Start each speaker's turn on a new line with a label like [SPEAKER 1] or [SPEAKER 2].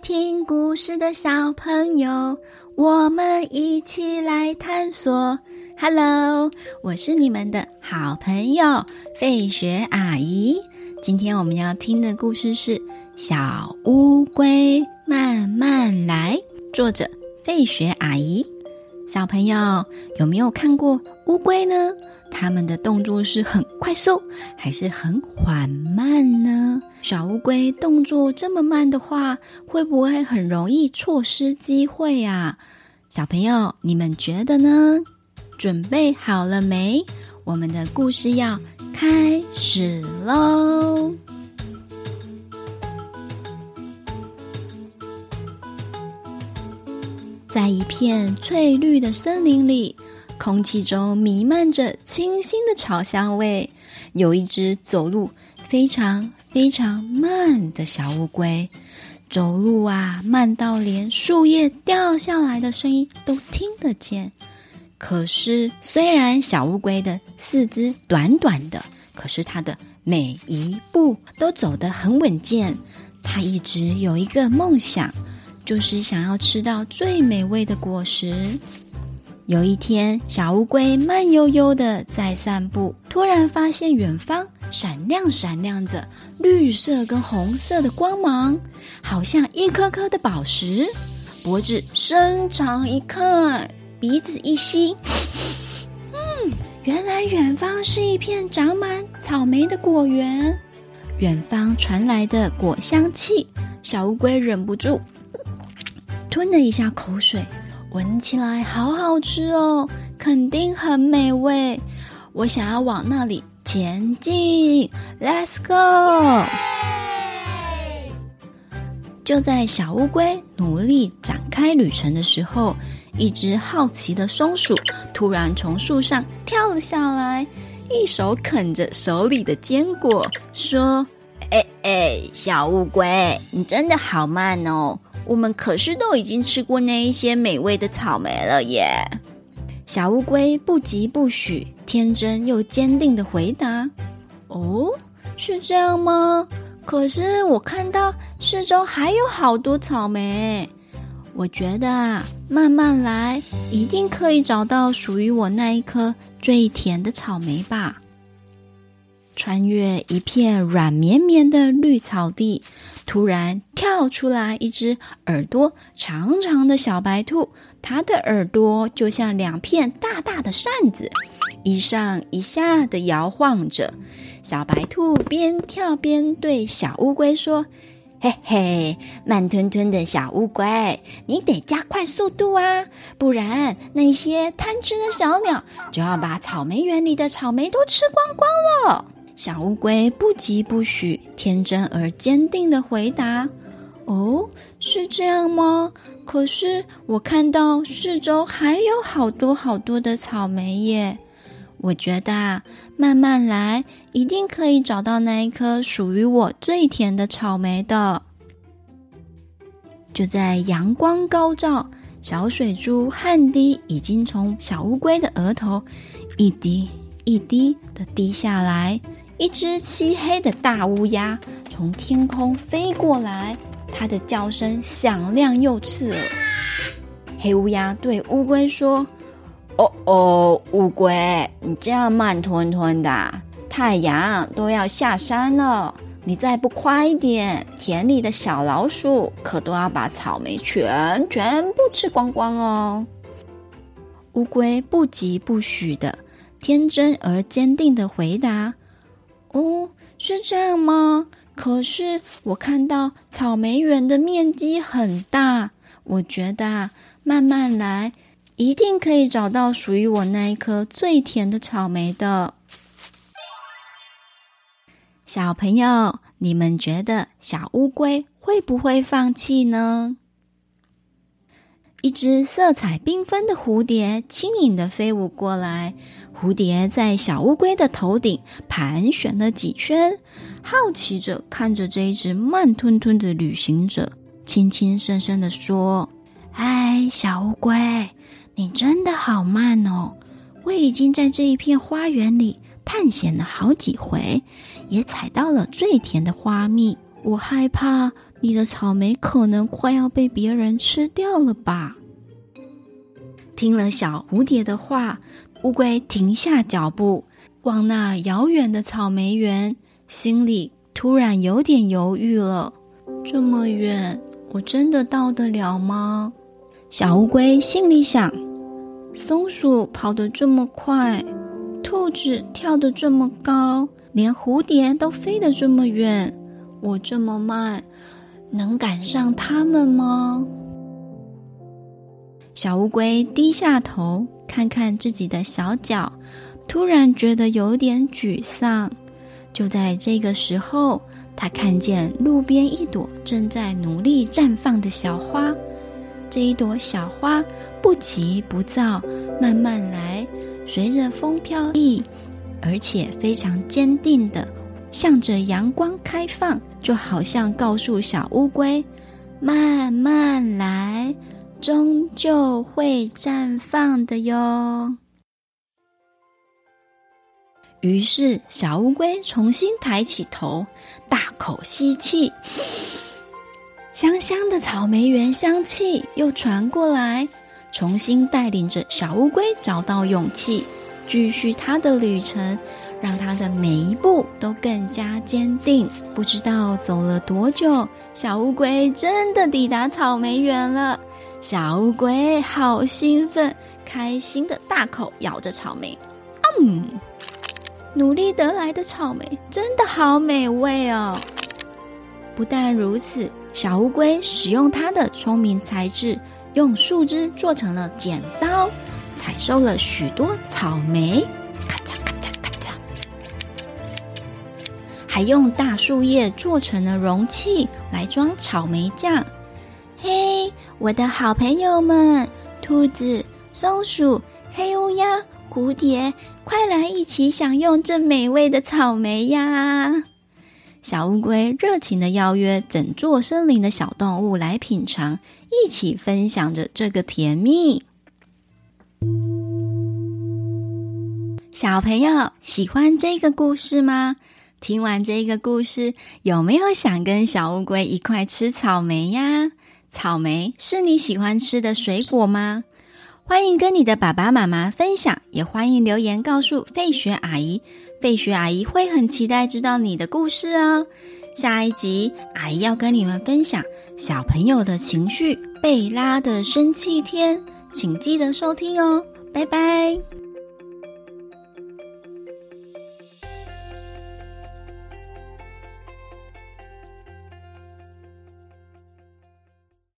[SPEAKER 1] 聽故事的小朋友，我們一起來探索。Hello，我是你們的好朋友費雪阿姨。今天我們要聽的故事是《小烏龜慢慢來》，作者費雪阿姨。小朋友有沒有看過烏龜呢？它們的動作是很快速，還是很緩慢呢？小烏龜動作這麼慢的話，會不會很容易錯失機會呀、啊？小朋友，你們覺得呢？準備好了沒？我們的故事要開始嘍！在一片翠綠的森林裡，空氣中瀰漫着清新的草香味，有一隻走路非常。非常慢的小烏龜走路啊，慢到連樹葉掉下來的聲音都聽得見。可是，雖然小烏龜的四肢短短的，可是它的每一步都走得很穩健。它一直有一個夢想，就是想要吃到最美味的果實。有一天，小烏龜慢悠悠地在散步，突然發現遠方。閃亮閃亮着綠色跟紅色的光芒，好像一顆顆的寶石。脖子伸長一看，鼻子一吸，嗯，原來遠方是一片長滿草莓的果園。遠方傳來的果香氣，小烏龜忍不住吞了一下口水，聞起來好好吃哦，肯定很美味。我想要往那裡。前進，Let's go！Yay! 就在小烏龜努力展開旅程的時候，一只好奇的松鼠突然從樹上跳了下來，一手啃着手裡的堅果，說：“哎哎，小烏龜，你真的好慢哦！我們可是都已經吃過那一些美味的草莓了耶！”小烏龜不疾不徐。天真又堅定的回答：“哦，是這樣嗎？可是我看到四周還有好多草莓，我覺得啊，慢慢來，一定可以找到屬於我那一顆最甜的草莓吧。”穿越一片軟綿綿的綠草地，突然跳出來一隻耳朵長長的小白兔，它的耳朵就像兩片大大的扇子。一上一下的搖晃着，小白兔邊跳邊對小烏龜說：“嘿嘿，慢吞吞的小烏龜，你得加快速度啊，不然那些貪吃的小鳥就要把草莓園裡的草莓都吃光光了。”小烏龜不疾不徐，天真而堅定的回答：“哦，是這樣嗎？可是我看到四周還有好多好多的草莓耶。”我覺得啊，慢慢來，一定可以找到那一顆屬於我最甜的草莓的。就在陽光高照，小水珠汗滴已經從小烏龜的額頭一滴一滴的滴下來。一隻漆黑的大烏鴉從天空飛過來，它的叫聲響亮又刺耳。黑烏鴉對烏龜說。哦哦，烏龜，你這樣慢吞吞的，太陽都要下山了，你再不快一點，田裡的小老鼠可都要把草莓全全部吃光光哦。烏龜不疾不徐的，天真而堅定的回答：“哦，是這樣嗎？可是我看到草莓園的面積很大，我覺得慢慢來。”一定可以找到屬於我那一顆最甜的草莓的。小朋友，你們覺得小烏龜會不會放棄呢？一只色彩繽紛的蝴蝶輕盈地飛舞過來，蝴蝶在小烏龜的頭頂盤旋了幾圈，好奇着看着這一只慢吞吞的旅行者，輕輕聲聲地說：“嗨、哎，小烏龜。”你真的好慢哦！我已經在這一片花園裡探險了好幾回，也採到了最甜的花蜜。我害怕你的草莓可能快要被別人吃掉了吧？聽了小蝴蝶的話，烏龜停下腳步，往那遙遠的草莓園，心裡突然有點猶豫了：這麼遠，我真的到得了嗎？小烏龜心裡想：“松鼠跑得這麼快，兔子跳得這麼高，連蝴蝶都飛得這麼遠，我這麼慢，能趕上他們嗎？”小烏龜低下頭，看看自己的小腳，突然覺得有點沮喪。就在這個時候，它看見路邊一朵正在努力綻放的小花。這一朵小花不急不躁，慢慢來，隨着風飄逸，而且非常堅定的向着陽光開放，就好像告訴小烏龜：“慢慢來，終究會綻放的喲。”於是，小烏龜重新抬起頭，大口吸氣。香香的草莓園香氣又傳過來，重新帶領着小烏龜找到勇氣，繼續它的旅程，讓它的每一步都更加堅定。不知道走了多久，小烏龜真的抵達草莓園了。小烏龜好興奮，開心的大口咬着草莓，嗯，努力得來的草莓真的好美味哦！不但如此。小烏龜使用它的聰明才智，用樹枝做成了剪刀，採收了許多草莓，咔嚓咔嚓咔嚓，還用大樹葉做成了容器來裝草莓醬。嘿，我的好朋友們，兔子、松鼠、黑烏鴉、蝴蝶，快來一起享用這美味的草莓呀！小烏龜熱情地邀約整座森林的小動物來品嚐，一起分享着這個甜蜜。小朋友喜歡這個故事嗎？聽完這個故事，有沒有想跟小烏龜一塊吃草莓呀？草莓是你喜歡吃的水果嗎？歡迎跟你的爸爸媽媽分享，也歡迎留言告訴費雪阿姨。費雪阿姨會很期待知道你的故事哦。下一集，阿姨要跟你們分享小朋友的情緒，貝拉的生氣天，請記得收聽哦。拜拜。